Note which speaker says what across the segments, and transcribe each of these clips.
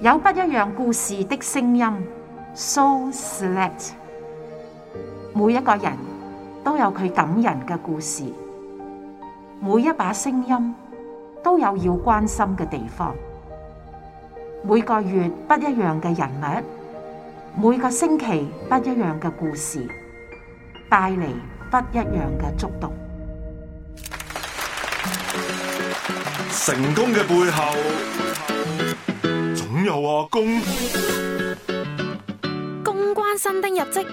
Speaker 1: 有不一樣故事的聲音，So select。每一個人都有佢感人嘅故事，每一把聲音都有要關心嘅地方。每個月不一樣嘅人物，每個星期不一樣嘅故事，帶嚟不一樣嘅觸動。
Speaker 2: 成功嘅背後。有阿公，
Speaker 1: 公關新丁入職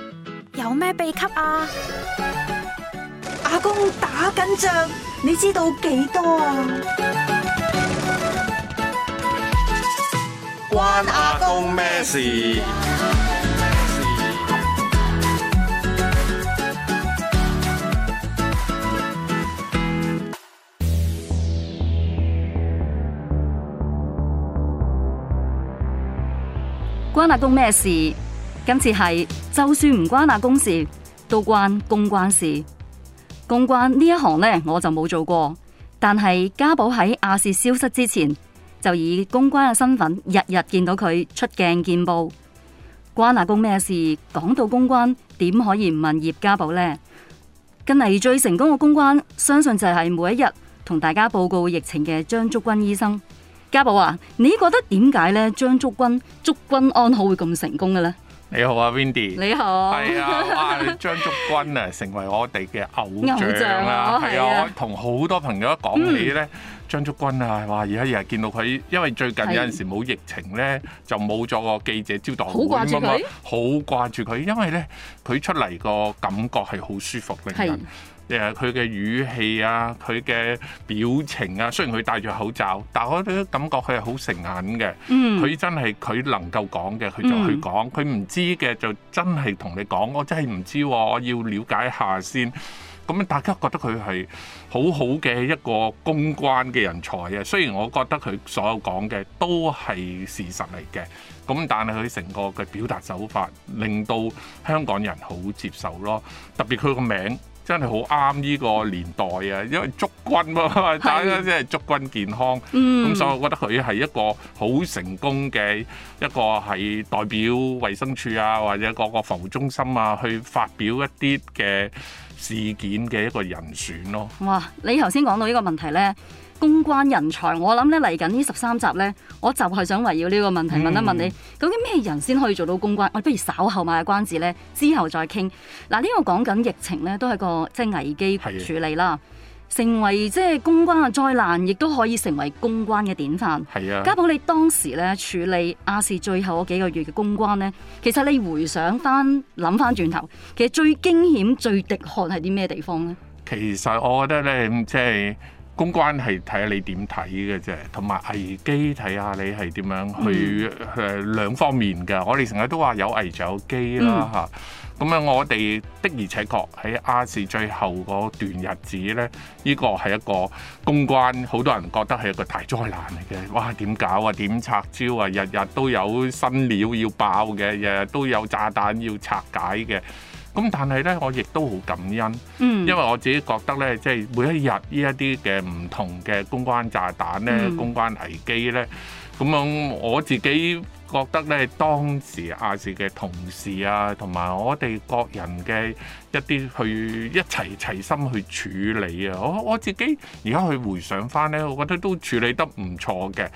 Speaker 1: 有咩秘笈啊？阿公打緊仗，你知道幾多啊？
Speaker 2: 關阿公咩事？
Speaker 1: 關阿公咩事？今次係就算唔關阿公事，都關公關事。公關呢一行呢，我就冇做過。但係家寶喺亞視消失之前，就以公關嘅身份日日見到佢出鏡見報。關阿公咩事？講到公關，點可以唔問葉家寶呢？近嚟最成功嘅公關，相信就係每一日同大家報告疫情嘅張竹君醫生。嘉寶啊，你覺得點解咧，張竹君、祝君安好會咁成
Speaker 2: 功嘅咧？你好啊，Windy，你好，係啊，張竹君啊，成為我哋嘅偶像啊，係啊，我同好多朋友都講起咧。張竹君啊，哇！而家日日見到佢，因為最近有陣時冇疫情咧，是就冇咗個記者招待會咁啊，好掛住佢。因為咧，佢出嚟個感覺係好舒服，令人誒佢嘅語氣啊，佢嘅表情啊，雖然佢戴住口罩，但係我都感覺佢係好誠懇嘅。佢、嗯、真係佢能夠講嘅，佢就去講；佢唔、嗯、知嘅，就真係同你講。我真係唔知喎、啊，我要了解下先。咁大家覺得佢係好好嘅一個公關嘅人才啊！雖然我覺得佢所有講嘅都係事實嚟嘅，咁但係佢成個嘅表達手法令到香港人好接受咯。特別佢個名真係好啱呢個年代啊，因為祝君，大家即係祝君健康。咁、嗯、所以我覺得佢係一個好成功嘅一個係代表衞生署啊，或者各個防護中心啊，去發表一啲嘅。事件嘅一個人選咯。
Speaker 1: 哇！你頭先講到呢個問題呢，公關人才，我諗呢嚟緊呢十三集呢，我就係想圍繞呢個問題問一問你，嗯、究竟咩人先可以做到公關？我不如稍後賣個關子呢，之後再傾。嗱、啊，呢、呢個講緊疫情呢，都係個即係、即係、危機處理啦。成為即係公關嘅災難，亦都可以成為公關嘅典範。係啊，家寶，你當時咧處理亞視最後嗰幾個月嘅公關咧，其實你回想翻、諗翻轉頭，其實最驚險、最滴汗係啲咩地方咧？
Speaker 2: 其實我覺得咧，即、就、係、是、公關係睇下你點睇嘅啫，同埋危機睇下你係點樣去誒兩、嗯、方面噶。我哋成日都話有危就有機啦，吓、嗯。咁樣，我哋的而且確喺亞視最後嗰段日子呢，呢、呢個係一個公關，好多人覺得係一個大災難嚟嘅。哇！點搞啊？點拆招啊？日日都有新料要爆嘅，日日都有炸彈要拆解嘅。咁但係呢，我亦都好感恩，因為我自己覺得呢，即係每一日呢一啲嘅唔同嘅公關炸彈呢，嗯、公關危機呢。咁樣，我自己覺得咧，當時亞視嘅同事啊，同埋我哋各人嘅一啲去一齊齊心去處理啊，我我自己而家去回想翻咧，我覺得都處理得唔錯嘅。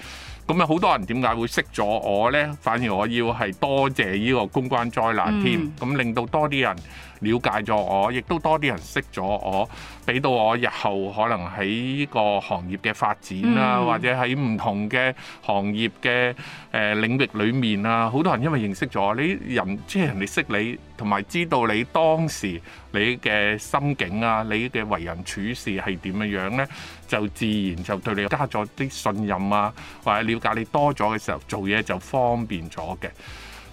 Speaker 2: 咁啊，好多人點解會識咗我咧？反而我要係多謝呢個公關災難添，咁、嗯、令到多啲人，了解咗我，亦都多啲人識咗我，俾到我日後可能喺個行業嘅發展啊，嗯、或者喺唔同嘅行業嘅誒領域裡面啊，好多人因為認識咗你人，就是、人即係人哋識你，同埋知道你當時你嘅心境啊，你嘅為人處事係點樣樣呢，就自然就對你加咗啲信任啊，或者了解你多咗嘅時候，做嘢就方便咗嘅。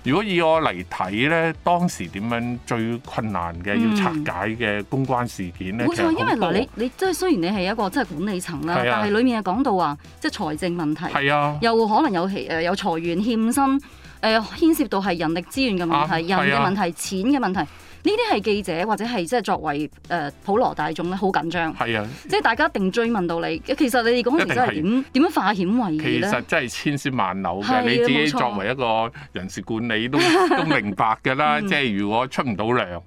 Speaker 2: 如果以我嚟睇咧，當時點樣最困難嘅、嗯、要拆解嘅公關事件咧？冇錯是，因為嗱，你
Speaker 1: 你即係雖然你係一個即係管理層啦，啊、但係裡面又講到話即係財政問題，啊、又可能有誒有裁員欠薪，誒、呃、牽涉到係人力資源嘅問題、啊、人嘅問題、啊、錢嘅問題。呢啲係記者或者係即係作為誒普羅大眾咧，好緊張。係啊的，即係大家一定追問到你，其實你哋嗰陣時真係點點樣化險為夷？其實真
Speaker 2: 係千絲萬縷嘅，的你自己作為一個人事管理都錯、啊、都明白嘅啦。 即係如果出唔到糧。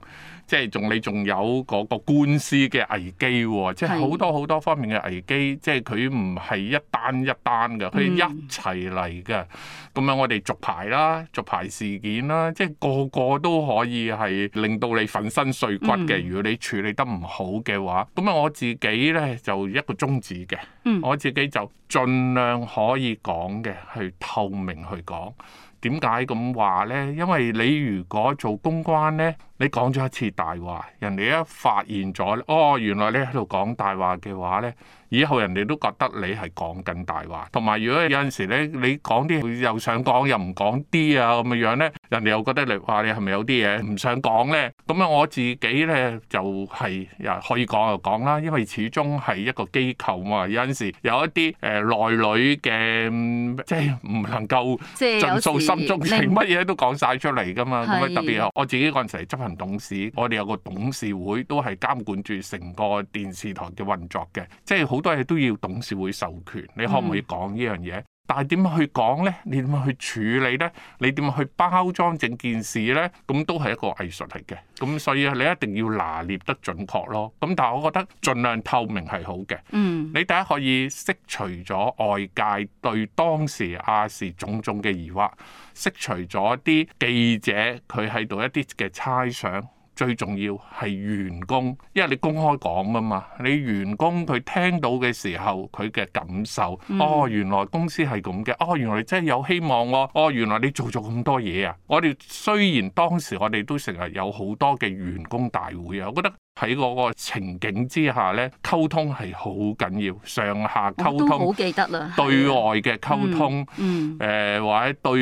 Speaker 2: 即係仲你仲有嗰個官司嘅危機喎，即係好多好多方面嘅危機，即係佢唔係一單一單嘅，佢一齊嚟嘅。咁啊，我哋續排啦，續排事件啦，即係個個都可以係令到你粉身碎骨嘅。嗯、如果你處理得唔好嘅話，咁啊我自己咧就一個宗旨嘅，我自己就盡量可以講嘅，去透明去講。點解咁話咧？因為你如果做公關咧，你講咗一次大話，人哋一發現咗哦，原來你喺度講大話嘅話咧，以後人哋都覺得你係講緊大話。同埋如果有陣時咧，你講啲又想講又唔講啲啊咁嘅樣咧，人哋又覺得你話、啊、你係咪有啲嘢唔想講咧？咁啊我自己咧就係、是、又可以講就講啦，因為始終係一個機構嘛。有陣時有一啲誒、呃、內裏嘅、嗯、即係唔能夠盡數心中情，你乜嘢都講晒出嚟噶嘛。是特別我自己嗰陣時董事，我哋有個董事會都係監管住成個電視台嘅運作嘅，即係好多嘢都要董事會授權，你可唔可以講呢樣嘢？但係點樣去講呢？你點樣去處理呢？你點樣去包裝整件事呢？咁都係一個藝術嚟嘅。咁所以你一定要拿捏得準確咯。咁但係我覺得盡量透明係好嘅。嗯，你第一可以釋除咗外界對當時亞視種種嘅疑惑，釋除咗啲記者佢喺度一啲嘅猜想。最重要係員工，因為你公開講㗎嘛，你員工佢聽到嘅時候佢嘅感受，嗯、哦原來公司係咁嘅，哦原來你真係有希望哦、哦，哦原來你做咗咁多嘢啊！我哋雖然當時我哋都成日有好多嘅員工大會啊，我覺得。喺嗰個情景之下咧，溝通係好緊要，上下溝通，好記得啦，對外嘅溝通、嗯嗯呃，或者對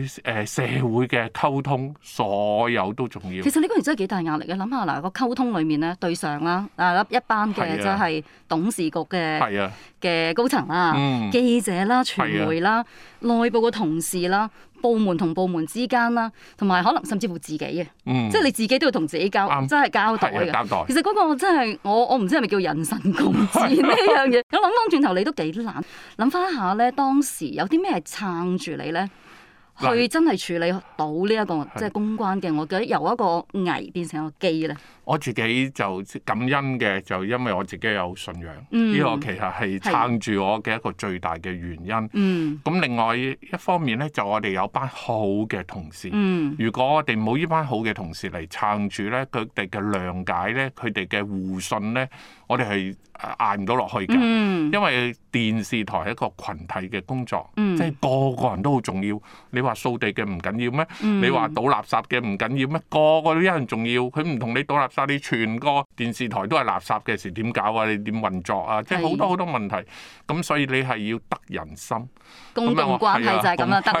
Speaker 2: 誒社會嘅溝通，所有都重要。其實呢
Speaker 1: 個人真係幾大壓力嘅，諗下嗱，嗰個溝通裏面咧，對上啦，嗱一班嘅即係董事局嘅嘅的高層啦，嗯、記者啦，傳媒啦，的內部嘅同事啦。部門同部門之間啦，同埋可能甚至乎自己嘅，嗯、即係你自己都要同自己交，對真係交代交代。其實嗰個真係我我唔知係咪叫人神共戰呢樣嘢。 我諗翻轉頭，你都幾難諗翻下咧，當時有啲咩係撐住你咧，去真係處理到呢、這、一個即係的公關嘅。我覺得由一個危變成一個機咧。
Speaker 2: 我自己就感恩嘅，就因為我自己有信仰，呢個其實係撐住我嘅一個最大嘅原因。咁另外一方面咧，就我哋有班好嘅同事。如果我哋冇呢班好嘅同事嚟撐住咧，佢哋嘅諒解咧，佢哋嘅互信咧，我哋係捱唔到落去嘅，因為電視台係一個群體嘅工作，即係個個人都好重要。你話掃地嘅唔緊要咩？你話倒垃圾嘅唔緊要咩？個個都一樣重要，佢唔同你倒垃。你全個電視台都係垃圾嘅時，點搞啊？你點運作啊？即係好多好多問題。咁的所以你係要得人心，
Speaker 1: 公關係樣我的就樣關係咁樣
Speaker 2: 得嘅。的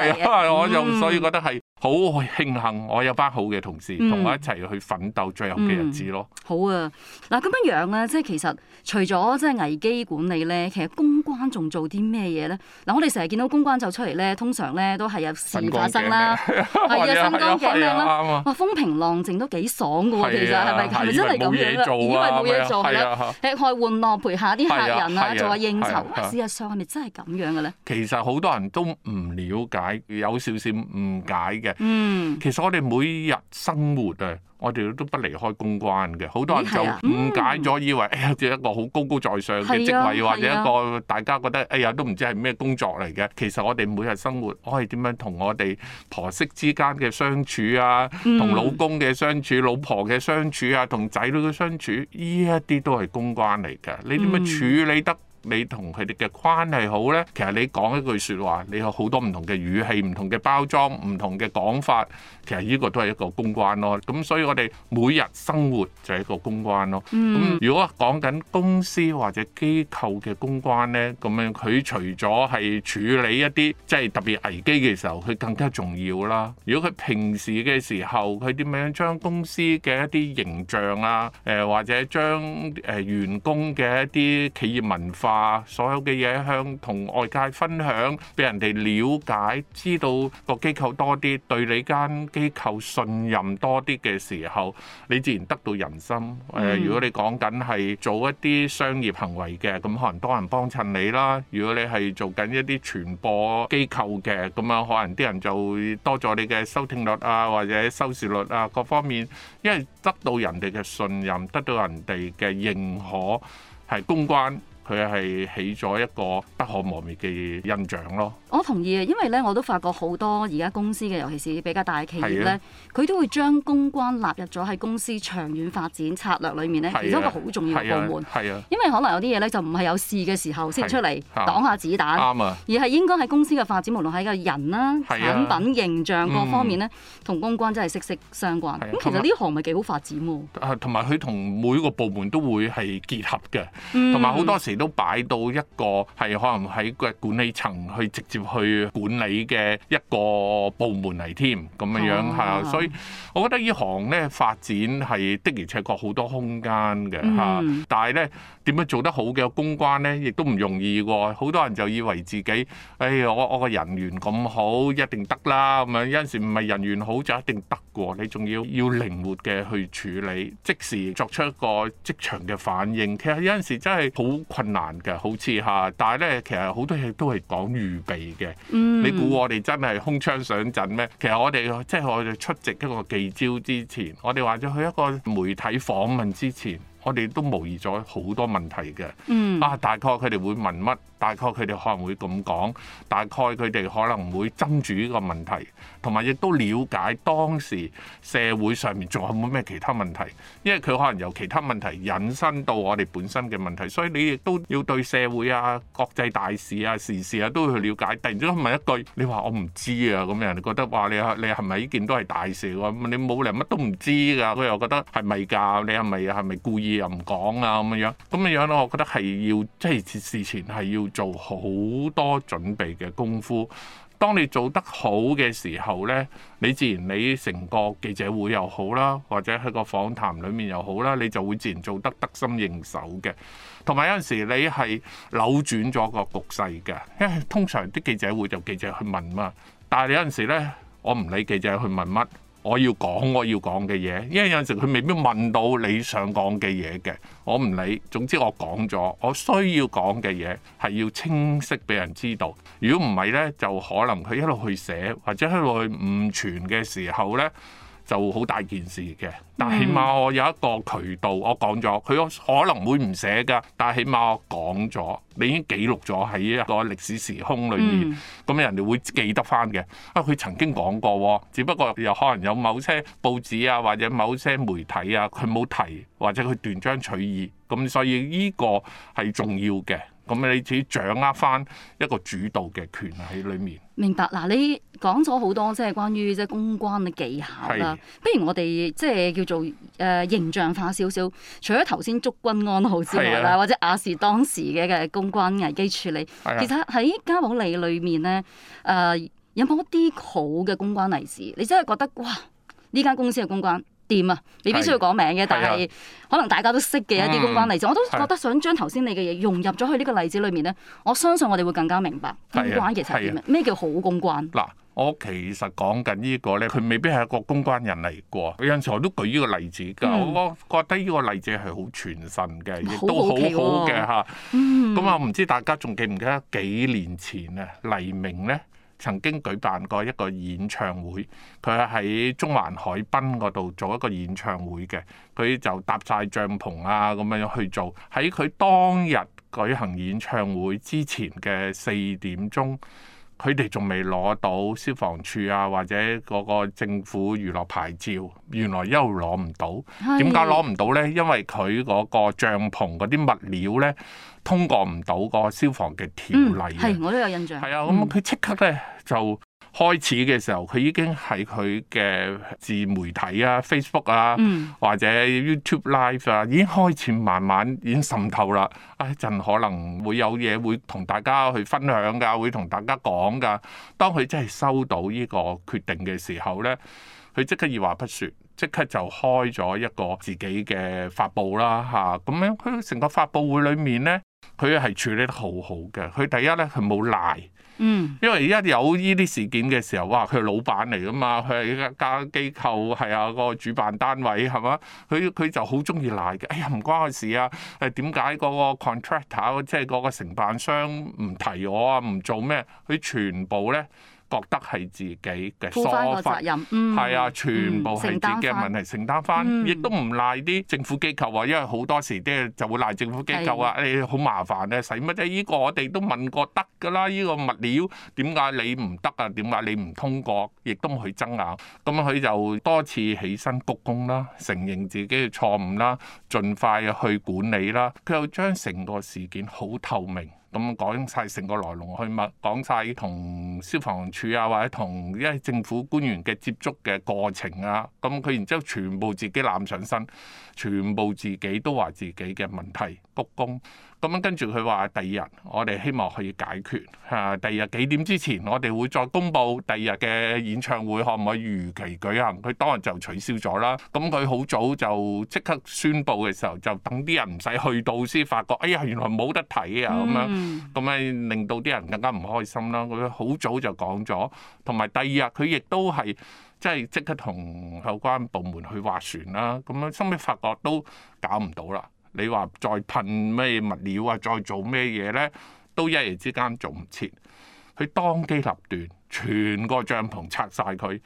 Speaker 2: 的嗯。好慶幸我有班好嘅同事同我一齊去奮鬥最後嘅日子咯。
Speaker 1: 好啊，嗱，咁樣樣咧，即係其實除咗即係危機管理咧，其實公關仲做啲咩嘢咧？嗱，我哋成日見到公關就出嚟咧，通常咧都係有事發生啦，係啊，新港嘅啦，哇，風平浪靜都幾爽嘅喎，其實係咪？係咪真係咁樣嘅？以為冇嘢做啦，誒，開玩樂陪下啲客人啊，做下應酬，事實上係咪真係咁樣嘅咧？
Speaker 2: 其實好多人都唔了解，有少少誤解嘅。嗯，其實我哋每日生活啊，我哋都不離開公關嘅，好多人就誤解咗，以為誒、啊嗯哎，一個好高高在上嘅職位，啊啊、或者一個大家覺得，哎呀，都唔知係咩工作嚟嘅。其實我哋每日生活，我係點樣同我哋婆媳之間嘅相處啊，同、嗯、老公嘅相處、老婆嘅相處啊，同仔女嘅相處，呢一啲都係公關嚟嘅。你點樣處理得？你同佢哋嘅關係好咧，其實你講一句說話，你有好多唔同嘅語氣，唔同嘅包裝，唔同嘅講法，其實呢個都係一個公關咯。咁所以我哋每日生活就係一個公關咯。咁如果講緊公司或者機構嘅公關咧，咁樣佢除咗係處理一啲即係特別危機嘅時候，佢更加重要啦。如果佢平時嘅時候，佢點樣將公司嘅一啲形象啊，誒或者將誒員工嘅一啲企業文化，話所有嘅嘢向同外界分享，俾人哋了解，知道個機構多啲，對你間機構信任多啲嘅時候，你自然得到人心。誒、嗯，如果你講緊係做一啲商業行為嘅，咁可能多人幫襯你啦。如果你係做緊一啲傳播機構嘅咁樣，可能啲人就會多咗你嘅收聽率啊，或者收視率啊各方面，因為得到人哋嘅信任，得到人哋嘅認可，係公關。佢係起咗一個不可磨滅嘅印象咯。
Speaker 1: 我同意啊，因為咧我都發覺好多而家公司嘅，尤其是比較大嘅企業咧，佢、啊、都會將公關納入咗喺公司長遠發展策略裏面咧，啊、其中一個好重要嘅部門，係啊，啊因為可能有啲嘢咧就唔係有事嘅時候先出嚟擋下子彈，啱啊。啊啊而係應該喺公司嘅發展，無論喺個人啦、啊、啊、產品形象各方面咧，同、嗯、公關真係息息相關，咁、啊、其實呢行咪幾好發展，
Speaker 2: 同埋佢同每個部門都會係結合嘅，同埋好多時。亦都擺到一個係可能喺個管理層去直接去管理嘅一個部門嚟添、哦，咁嘅樣係啊，所以我覺得行呢行咧，發展係的而且確好多空間嘅吓。嗯、但係咧，點樣做得好嘅公關咧，亦都唔容易。好多人就以為自己，哎，我我個人緣咁好，一定得啦。咁樣有陣時唔係人緣好就一定得嘅，你仲要要靈活嘅去處理，即時作出一個職場嘅反應，其實有陣時真係好難嘅，好似吓，但係咧，其實好多嘢都係講預備嘅。你估我哋真係空槍上陣咩？其實我哋即係我哋出席一個記招之前，我哋或者去一個媒體訪問之前，我哋都模擬咗好多問題嘅。啊，大概佢哋會問乜？大概佢哋可能會咁講，大概佢哋可能會斟住呢個問題，同埋亦都了解當時社會上面仲有冇咩其他問題，因為佢可能由其他問題引申到我哋本身嘅問題，所以你亦都要對社會啊、國際大事啊、時事啊都去了解。突然之間問一句，你話我唔知啊，咁樣你覺得話你你係咪呢件都係大事？你冇嚟乜都唔知㗎，佢又覺得係咪㗎？你係咪係咪故意又唔講啊？咁樣咁樣咧，我覺得係、啊、要即係、就是、事前係要。做好多準備嘅功夫，當你做得好嘅時候呢，你自然你成個記者會又好啦，或者喺個訪談裡面又好啦，你就會自然做得得心應手嘅。同埋有陣時你係扭轉咗個局勢嘅，因為通常啲記者會就記者去問嘛，但係有陣時呢，我唔理記者去問乜。我要講我要講嘅嘢，因為有陣時佢未必問到你想講嘅嘢嘅，我唔理。總之我講咗，我需要講嘅嘢係要清晰俾人知道。如果唔係呢，就可能佢一路去寫，或者一路去誤傳嘅時候呢。就好大件事嘅，但起碼我有一個渠道，我講咗，佢可能會唔寫噶，但係起碼我講咗，你已經記錄咗喺一個歷史時空裏面，咁人哋會記得翻嘅。啊，佢曾經講過，只不過又可能有某些報紙啊，或者某些媒體啊，佢冇提，或者佢斷章取義，咁所以呢個係重要嘅。咁你自己掌握翻一個主導嘅權喺裏面。
Speaker 1: 明白嗱，你講咗好多即係關於即係公關嘅技巧啦。是不如我哋即係叫做誒、呃、形象化少少。除咗頭先祝君安好之外啦，的或者亞視當時嘅嘅公關危機處理，的其實喺嘉寶莉裏面咧，誒、呃、有冇一啲好嘅公關例子？你真係覺得哇，呢間公司嘅公關？掂啊，未必需要講名嘅，但係可能大家都識嘅一啲公關例子，我都覺得想將頭先你嘅嘢融入咗去呢個例子裏面咧，我相信我哋會更加明白
Speaker 2: 公關其實係點，
Speaker 1: 咩叫好公關。
Speaker 2: 嗱，我其實講緊呢個咧，佢未必係一個公關人嚟過。有陣時我都舉呢個例子嘅，我覺得呢個例子係好傳神嘅，亦都好好嘅嚇。咁啊，唔知大家仲記唔記得幾年前啊，黎明咧？曾經舉辦過一個演唱會，佢喺中環海濱嗰度做一個演唱會嘅，佢就搭晒帳篷啊咁樣去做。喺佢當日舉行演唱會之前嘅四點鐘。佢哋仲未攞到消防處啊，或者嗰個政府娛樂牌照，原來一路攞唔到，點解攞唔到呢？因為佢嗰個帳篷嗰啲物料呢，通過唔到個消防嘅條例。係、
Speaker 1: 嗯，我都有印象。係啊，咁佢
Speaker 2: 即刻呢就。開始嘅時候，佢已經喺佢嘅自媒體啊、Facebook 啊，嗯、或者 YouTube Live 啊，已經開始慢慢已經滲透啦。一陣可能會有嘢會同大家去分享㗎，會同大家講㗎。當佢真係收到呢個決定嘅時候呢，佢即刻二話不說，即刻就開咗一個自己嘅發佈啦嚇。咁樣佢成個發佈會裏面呢，佢係處理得好好嘅。佢第一呢，佢冇賴。因為而家有依啲事件嘅時候，哇！佢係老闆嚟㗎嘛，佢係一家機構，係啊、嗰個主辦單位係嘛？佢佢就好中意賴嘅，哎呀唔關我事啊！誒點解嗰個 contractor 即係嗰個承辦商唔提我啊，唔做咩？佢全部咧。覺得係自己嘅疏忽的，係啊、嗯，全部係自己嘅問題，嗯、承擔翻，亦、嗯、都唔賴啲政府機構啊。因為好多時啲就會賴政府機構啊，誒好的、哎、麻煩啊，使乜啫？依、呢個我哋都問過得㗎啦。依、呢個物料點解你唔得啊？點解你唔通過？亦都唔去爭拗。咁佢就多次起身鞠躬啦，承認自己嘅錯誤啦，盡快去管理啦。佢又將成個事件好透明。咁講晒成個來龍去脈，講晒同消防處啊，或者同一政府官員嘅接觸嘅過程啊，咁佢然之後全部自己攬上身，全部自己都話自己嘅問題，鞠躬。咁樣跟住佢話：第二日我哋希望可以解決。嚇，第二日幾點之前我哋會再公布第二日嘅演唱會可唔可以如期舉行？佢當日就取消咗啦。咁佢好早就即刻宣佈嘅時候，就等啲人唔使去到先發覺，哎呀，原來冇得睇啊！咁樣咁咪令到啲人更加唔開心啦。佢好早就講咗，同埋第二日佢亦都係即係即刻同有關部門去斡旋啦。咁樣後尾發覺都搞唔到啦。你話再噴咩物料啊，再做咩嘢咧，都一夜之間做唔切。佢當機立斷，全個帳篷拆晒佢。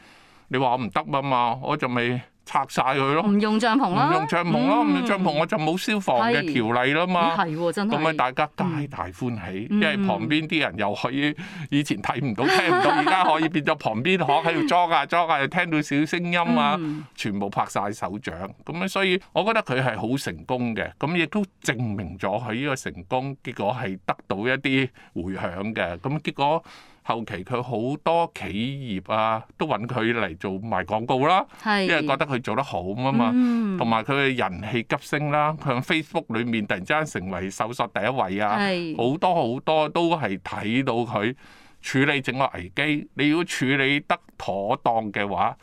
Speaker 2: 你話我唔得啊嘛，我仲未。拆晒佢咯！唔用帳篷啦，唔、嗯、用帳篷咯，唔用帳篷我就冇消防嘅條例啦嘛。係喎，真係。咁咪、嗯、大家皆大，大歡喜，嗯、因為旁邊啲人又可以以前睇唔到、聽唔到，而家、嗯、可以變咗旁邊行喺度裝下、啊、 裝下、啊，又聽到小聲音啊，全部拍晒手掌。咁樣所以，我覺得佢係好成功嘅，咁亦都證明咗佢呢個成功結果係得到一啲迴響嘅。咁結果。後期佢好多企業啊，都揾佢嚟做賣廣告啦，是因為覺得佢做得好啊嘛，同埋佢嘅人氣急升啦，佢喺 Facebook 裏面突然之間成為搜索第一位啊，好是多好多都係睇到佢處理整個危機，你要處理得妥當嘅話。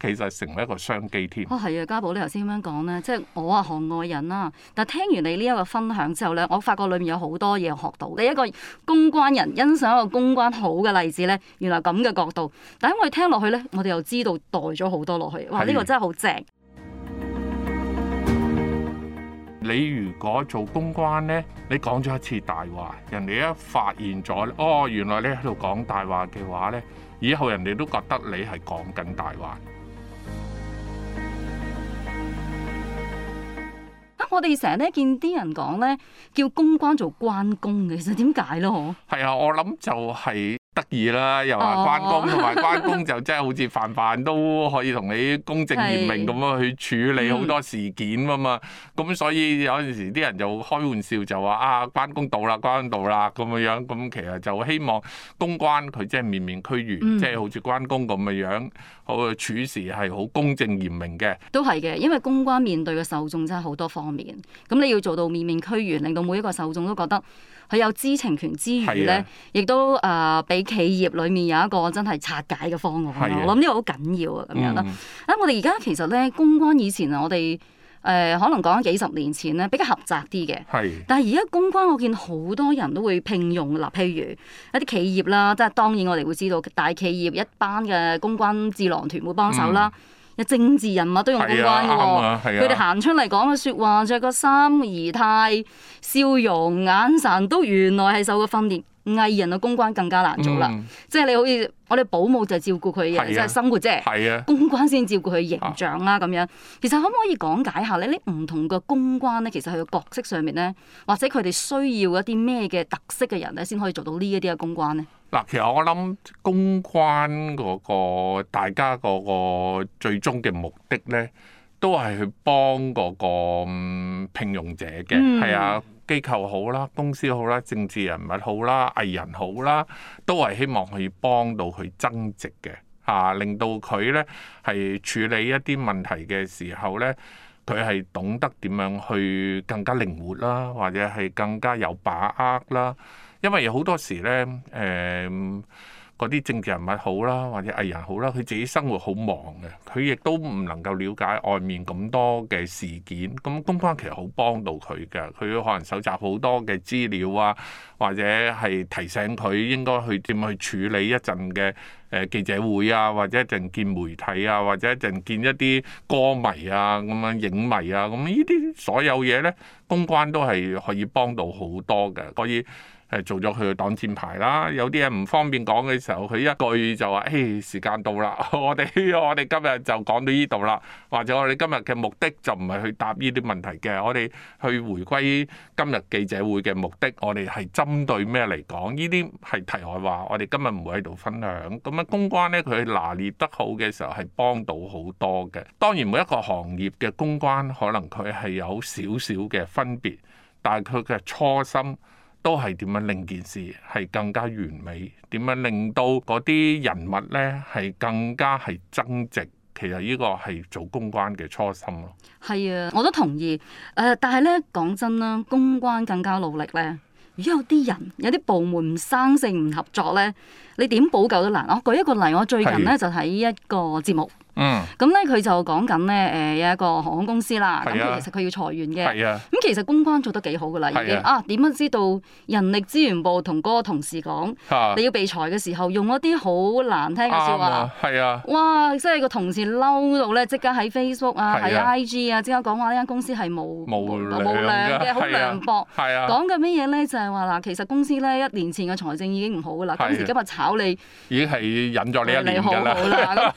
Speaker 2: 其實成為一個商機添。哦，
Speaker 1: 係啊，家寶你頭先咁樣講咧，即係我啊，行外人啦。但係聽完你呢一個分享之後咧，我發覺裡面有好多嘢學到。你一個公關人欣賞一個公關好嘅例子咧，原來咁嘅角度。但係我哋聽落去咧，我哋又知道代咗好多落去。哇，呢個真係好正！
Speaker 2: 你如果做公關咧，你講咗一次大話，人哋一發現咗，哦，原來你喺度講大話嘅話咧，以後人哋都覺得你係講緊大話。
Speaker 1: 啊，我哋成日咧見啲人講咧，叫公關做關公嘅，其實點解咯？
Speaker 2: 係啊，我諗就係、是。得意啦，又話 關公，同埋關公就真係好似范范都可以同你公正嚴明咁樣去處理好多事件啊嘛。咁、 嗯、所以有陣時啲人就開玩笑就話，啊，關公到啦，關公到啦咁樣樣。咁其實就希望公關佢即係面面俱圓，即係、嗯、好似關公咁樣樣，好處事係好公正嚴明嘅。
Speaker 1: 都係嘅，因為公關面對嘅受眾真係好多方面，咁你要做到面面俱圓，令到每一個受眾都覺得。佢有知情權之餘咧，亦的都誒俾、呃、企業裡面有一個真係拆解嘅方案的，我諗呢個好緊要啊，咁樣啦。啊，我哋而家其實咧，公關以前啊，我哋誒可能講幾十年前咧，比較狹窄啲嘅。係的。但係而家公關，我見好多人都會聘用啦，譬如一啲企業啦，即係當然我哋會知道大企業一班嘅公關智囊團會幫手啦、嗯。嗯政治人物都用公關嘅，佢哋行出嚟講嘅說話，着個衫、儀態、笑容、眼神，都原來係受過訓練。藝人嘅公關更加難做啦，嗯、即係你好似我哋保姆就係照顧佢嘅、啊、生活啫、就係，啊、公關先照顧佢形象啦咁樣。其實可唔可以講解下咧？你唔同嘅公關咧，其實佢個角色上面咧，或者佢哋需要一啲咩嘅特色嘅人咧，先可以做到呢一啲嘅公關咧？
Speaker 2: 嗱，其實我諗公關嗰個大家嗰個最終嘅目的咧，都係去幫嗰個聘用者嘅，係、嗯、啊。機構好啦，公司好啦，政治人物好啦，藝人好啦，都係希望可以幫到佢增值嘅嚇、啊，令到佢呢係處理一啲問題嘅時候呢，佢係懂得點樣去更加靈活啦，或者係更加有把握啦，因為好多時呢。誒、呃。嗰啲政治人物好啦、啊，或者藝人好啦、啊，佢自己生活好忙嘅，佢亦都唔能夠了解外面咁多嘅事件。咁公關其實好幫到佢嘅，佢可能搜集好多嘅資料啊，或者係提醒佢應該去點去處理一陣嘅誒記者會啊，或者一陣見媒體啊，或者一陣見一啲歌迷啊、咁樣影迷啊，咁呢啲所有嘢呢，公關都係可以幫到好多嘅，可以。係做咗佢嘅擋箭牌啦，有啲嘢唔方便講嘅時候，佢一句就話：誒、哎、時間到啦，我哋我哋今日就講到呢度啦。或者我哋今日嘅目的就唔係去答呢啲問題嘅，我哋去回歸今日記者會嘅目的。我哋係針對咩嚟講？呢啲係題外話，我哋今日唔會喺度分享。咁啊，公關咧，佢拿捏得好嘅時候係幫到好多嘅。當然每一個行業嘅公關可能佢係有少少嘅分別，但係佢嘅初心。都係點樣令件事係更加完美？點樣令到嗰啲人物咧係更加係增值？其實呢個係做公關嘅初心咯。
Speaker 1: 係啊，我都同意。誒、呃，但係咧講真啦，公關更加努力咧，如果有啲人有啲部門唔生性唔合作咧，你點補救都難。我舉一個例，我最近咧的就睇一個節目。嗯，咁咧佢就講緊咧，誒有一個航空公司啦，咁其實佢要裁員嘅，係啊，咁其實公關做得幾好噶啦，已經啊點樣知道人力資源部同嗰個同事講，你要被裁嘅時候，用一啲好難聽嘅説話，係啊，哇！即係個同事嬲到咧，即刻喺 Facebook 啊，喺 IG 啊，即刻講話呢間公司係
Speaker 2: 冇冇量嘅，好涼薄，講緊
Speaker 1: 乜嘢咧就係話嗱，其實公司咧一年前嘅財政已經唔好噶啦，今時今日炒你
Speaker 2: 已經係引咗你一年㗎啦。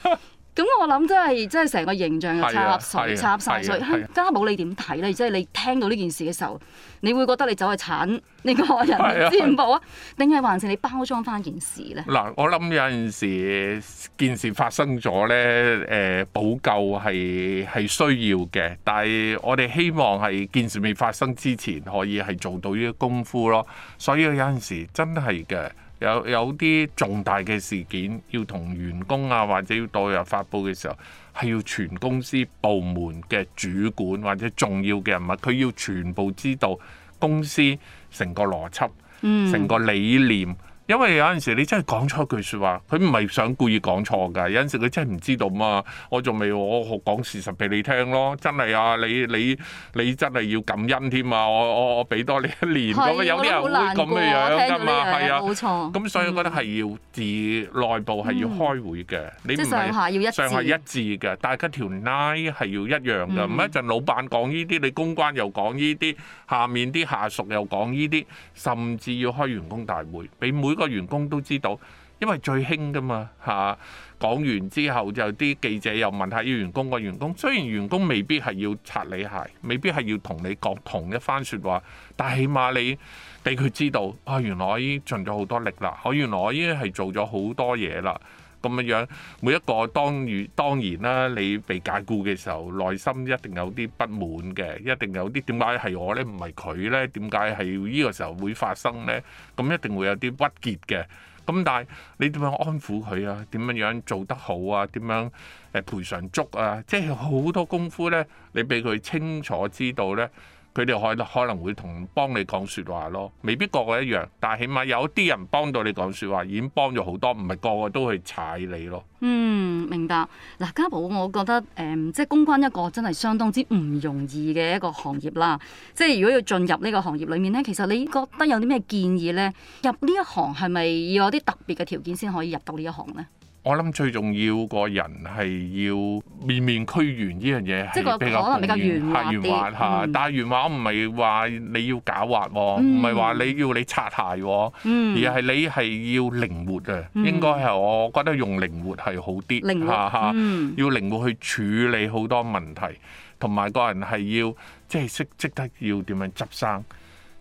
Speaker 1: 咁我諗真係，真係成個形象又插水，啊、插晒水。嘉寶、啊啊啊、你點睇咧？即、就、係、是、你聽到呢件事嘅時候，你會覺得你走去鏟你個人賠唔賠啊？定係、啊、還是你包裝翻件事咧？
Speaker 2: 嗱、啊，我諗有陣時件事發生咗咧，誒、呃、補救係係需要嘅，但係我哋希望係件事未發生之前可以係做到呢啲功夫咯。所以有陣時真係嘅。有有啲重大嘅事件要同員工啊，或者要代入發佈嘅時候，係要全公司部門嘅主管或者重要嘅人物，佢要全部知道公司成個邏輯，成、嗯、個理念。因為有陣時你真係講錯句説話，佢唔係想故意講錯㗎。有陣時佢真係唔知道嘛，我仲未我講事實俾你聽咯，真係啊！你你你真係要感恩添啊！我我我俾多你一年咁的，有啲人會咁嘅樣㗎嘛，係啊，冇的錯。咁所以我覺得係要自內部係要開會嘅，嗯、你唔係上下要一致嘅，嗯、但係佢條 line 係要一樣㗎。唔一陣老闆講呢啲，你公關又講呢啲，下面啲下屬又講呢啲，甚至要開員工大會，俾每個個員工都知道，因為最興㗎嘛嚇、啊。講完之後，就啲記者又問下要員工個員工。雖然員工未必係要擦你鞋，未必係要同你講同一番説話，但起碼你俾佢知道，啊原來我已經盡咗好多力啦，我、啊、原來我已經係做咗好多嘢啦。咁樣，每一個當遇當然啦，你被解僱嘅時候，內心一定有啲不滿嘅，一定有啲點解係我咧，唔係佢咧？點解係呢個時候會發生咧？咁一定會有啲鬱結嘅。咁但係你點樣安撫佢啊？點樣樣做得好啊？點樣誒賠償足啊？即係好多功夫咧，你俾佢清楚知道咧。佢哋可可能會同幫你講説話咯，未必個個一樣，但係起碼有啲人幫到你講説話，已經幫咗好多，唔係個個都去踩你咯。
Speaker 1: 嗯，明白。嗱，家寶，我覺得誒，即、嗯、係、就是、公關一個真係相當之唔容易嘅一個行業啦。即係如果要進入呢個行業裏面呢，其實你覺得有啲咩建議呢？入呢一行係咪要有啲特別嘅條件先可以入到呢一行呢？
Speaker 2: 我諗最重要個人係要面面俱圓，呢樣嘢係比較圓，係圓滑嚇。嗯、但係圓滑，唔係話你要狡猾喎，唔係話你要你擦鞋喎，嗯、而係你係要靈活啊。嗯、應該係我覺得用靈活係好啲嚇嚇，要靈活去處理好多問題，同埋個人係要即係識即得要點樣執生。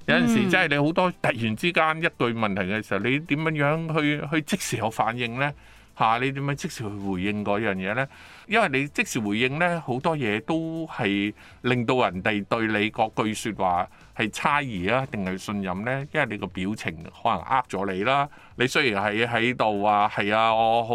Speaker 2: 有陣時即係你好多突然之間一對問題嘅時候，你點樣樣去去即時有反應咧？嚇、啊！你點樣即時去回應嗰樣嘢咧？因為你即時回應咧，好多嘢都係令到人哋對你嗰句説話。係差異啊，定係信任咧？因為你個表情可能呃咗你啦。你雖然係喺度話係啊，我好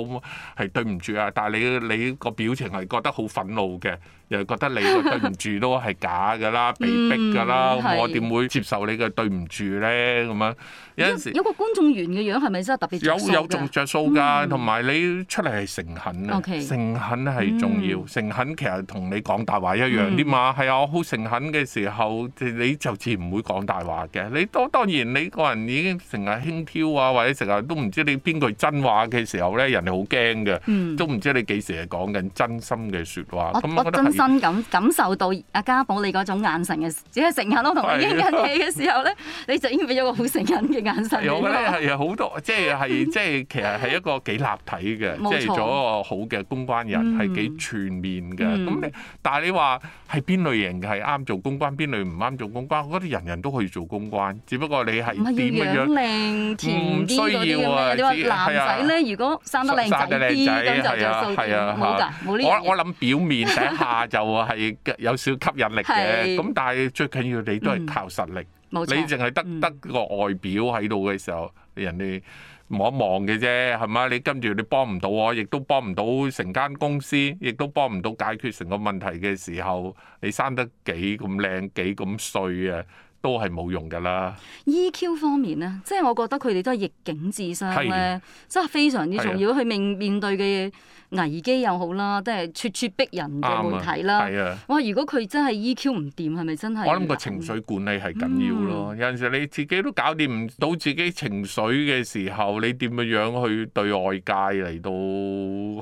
Speaker 2: 係對唔住啊，但係你你個表情係覺得好憤怒嘅，又覺得你對唔住都係假㗎啦，被啦、嗯，被逼㗎啦。我點會接受你嘅對唔住咧？咁樣有陣時有，有個
Speaker 1: 觀眾緣嘅樣係咪真係特別有有仲
Speaker 2: 著數㗎、嗯？同埋你出嚟係誠懇啊，誠懇係重要、嗯。誠懇其實同你講大話一樣啲嘛。係啊，我好誠懇嘅時候，你就。唔會講大話嘅，你當當然你個人已經成日輕佻啊，或者成日都唔知你邊句真話嘅時候咧，人哋好驚嘅，嗯、都唔知你幾時係講緊真心嘅説話。我我，覺得我真心
Speaker 1: 感感受到阿家寶你嗰種眼神嘅，只係成日都同你傾緊嘢嘅時候咧，的你就已經俾咗個好成人嘅眼神我。我覺
Speaker 2: 得好多 即係係即係其實係一個幾立體嘅，即係錯做一個好嘅公關人係幾、嗯、全面嘅。咁咧、嗯，但係你話係邊類型嘅係啱做公關，邊類唔啱做公關？啲人人都可以做公關，只不過你係點樣
Speaker 1: 靚，唔需要啊。你話男仔咧，啊、如果生得靚仔啲咁，就多數啲我我諗
Speaker 2: 表面底下就係有少少吸引力嘅，咁 是但係最緊要你都係靠實力。嗯、你淨係得、嗯、得個外表喺度嘅時候，人哋，望一望嘅啫，係嘛？你跟住你幫唔到我，亦都幫唔到成間公司，亦都幫唔到解決成個問題嘅時候，你生得幾咁靚幾咁帥啊，都係冇用㗎啦。
Speaker 1: EQ 方面咧，即係我覺得佢哋都係逆境智商咧，真係的非常之重要去面面對嘅嘢。危機又好啦，都係咄咄逼人嘅媒體啦。啱啊！係啊！哇，如果佢真係 EQ 唔掂，係咪真係？我諗個
Speaker 2: 情緒管理係緊要咯。嗯、有陣時你自己都搞掂唔到自己情緒嘅時候，你點樣樣去對外界嚟到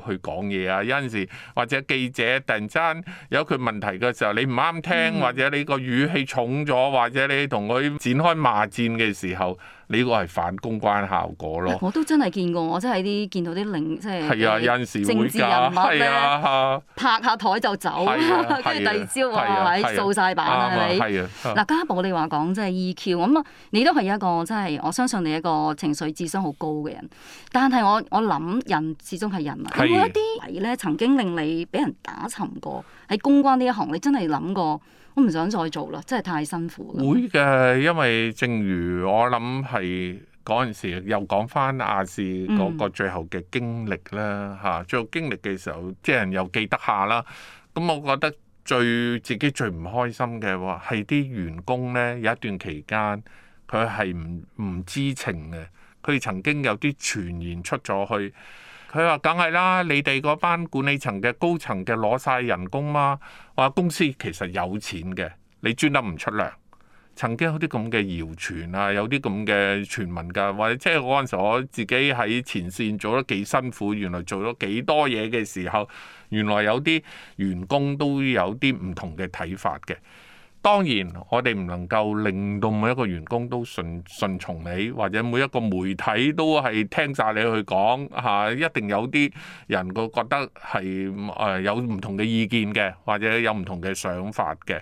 Speaker 2: 去講嘢啊？有陣時或者記者突然間有佢問題嘅時候，你唔啱聽、嗯或，或者你個語氣重咗，或者你同佢展開罵戰嘅時候。呢個係反公關效果咯！我
Speaker 1: 都真係見過，我真係啲見到啲令即係政治人物咧，拍下枱就走，跟住第二朝話喺掃曬版係咪？嗱，家寶你話講即係 EQ，咁啊你都係一個真係我相信你一個情緒智商好高嘅人，但係我我諗人始終係人啊，有冇一啲咧曾經令你俾人打沉過喺公關呢一行？你真係諗過？我唔想再做啦，真係太辛苦啦。會
Speaker 2: 嘅，因為正如我諗係嗰陣時又講返亞視個個最後嘅經歷啦，嚇最後經歷嘅時候，即係人又記得下啦。咁我覺得最自己最唔開心嘅話係啲員工呢。有一段期間佢係唔唔知情嘅，佢曾經有啲傳言出咗去。佢話：梗係啦，你哋嗰班管理層嘅高層嘅攞晒人工嘛？話公司其實有錢嘅，你專登唔出糧。曾經有啲咁嘅謠傳啊，有啲咁嘅傳聞㗎。或者即係嗰陣時，我自己喺前線做得幾辛苦，原來做咗幾多嘢嘅時候，原來有啲員工都有啲唔同嘅睇法嘅。當然，我哋唔能夠令到每一個員工都順順從你，或者每一個媒體都係聽晒你去講吓，一定有啲人會覺得係誒有唔同嘅意見嘅，或者有唔同嘅想法嘅。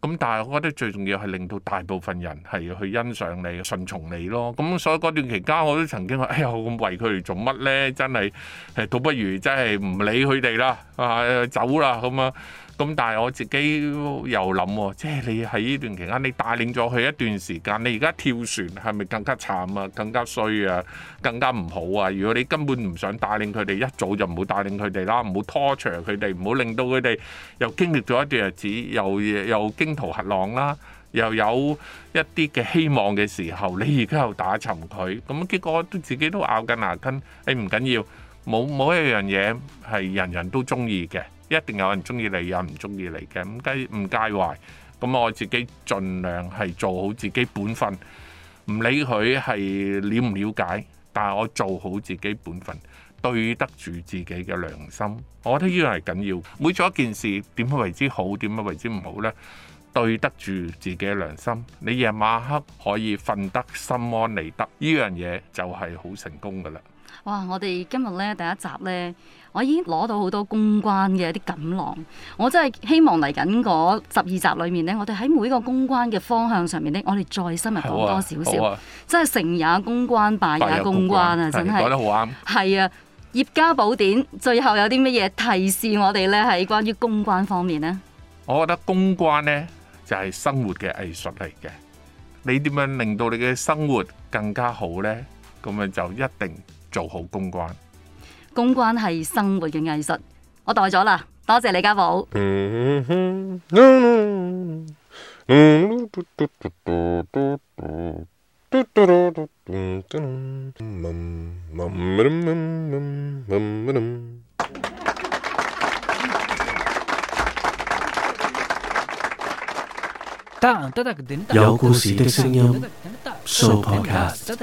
Speaker 2: 咁但係我覺得最重要係令到大部分人係去欣賞你、順從你咯。咁所以嗰段期間我都曾經話，哎呀，咁為佢哋做乜呢？真係誒，倒不如真係唔理佢哋啦，啊，走啦咁啊！咁但係我自己又諗喎，即係你喺呢段期間，你帶領咗佢一段時間，你而家跳船係咪更加慘啊？更加衰啊？更加唔好啊？如果你根本唔想帶領佢哋，一早就唔好帶領佢哋啦，唔好拖長佢哋，唔好令到佢哋又經歷咗一段日子，又又驚濤駭浪啦，又有一啲嘅希望嘅時候，你而家又打沉佢，咁結果都自己都咬緊牙根，誒唔緊要，冇冇一樣嘢係人人都中意嘅。一定有人中意你，有人唔中意你嘅，咁介唔介懷？咁我自己儘量係做好自己本分，唔理佢係了唔瞭解，但係我做好自己本分，對得住自己嘅良心，我覺得呢樣係緊要。每做一件事，點樣為之好，點樣為之唔好呢？對得住自己良心，你夜晚黑可以瞓得心安理得，呢樣嘢就係好成功㗎喇。
Speaker 1: 哇！我哋今日呢第一集呢。我已經攞到好多公關嘅一啲錦囊。我真係希望嚟緊嗰十二集裏面呢，我哋喺每個公關嘅方向上面呢，我哋再深入講多少少，啊啊、真係成也公關，敗也公關啊！真係講得好啱。係啊，《葉家寶典》最後有啲乜嘢提示我哋呢？喺關於公關方面呢，
Speaker 2: 我覺得公關呢就係、是、生活嘅藝術嚟嘅，你點樣令到你嘅生活更加好呢？咁咪就一定做好公關。
Speaker 1: 公關係生活嘅藝術，我代咗啦，多謝李家寶。
Speaker 2: 有故事的聲音，Show
Speaker 1: Podcast。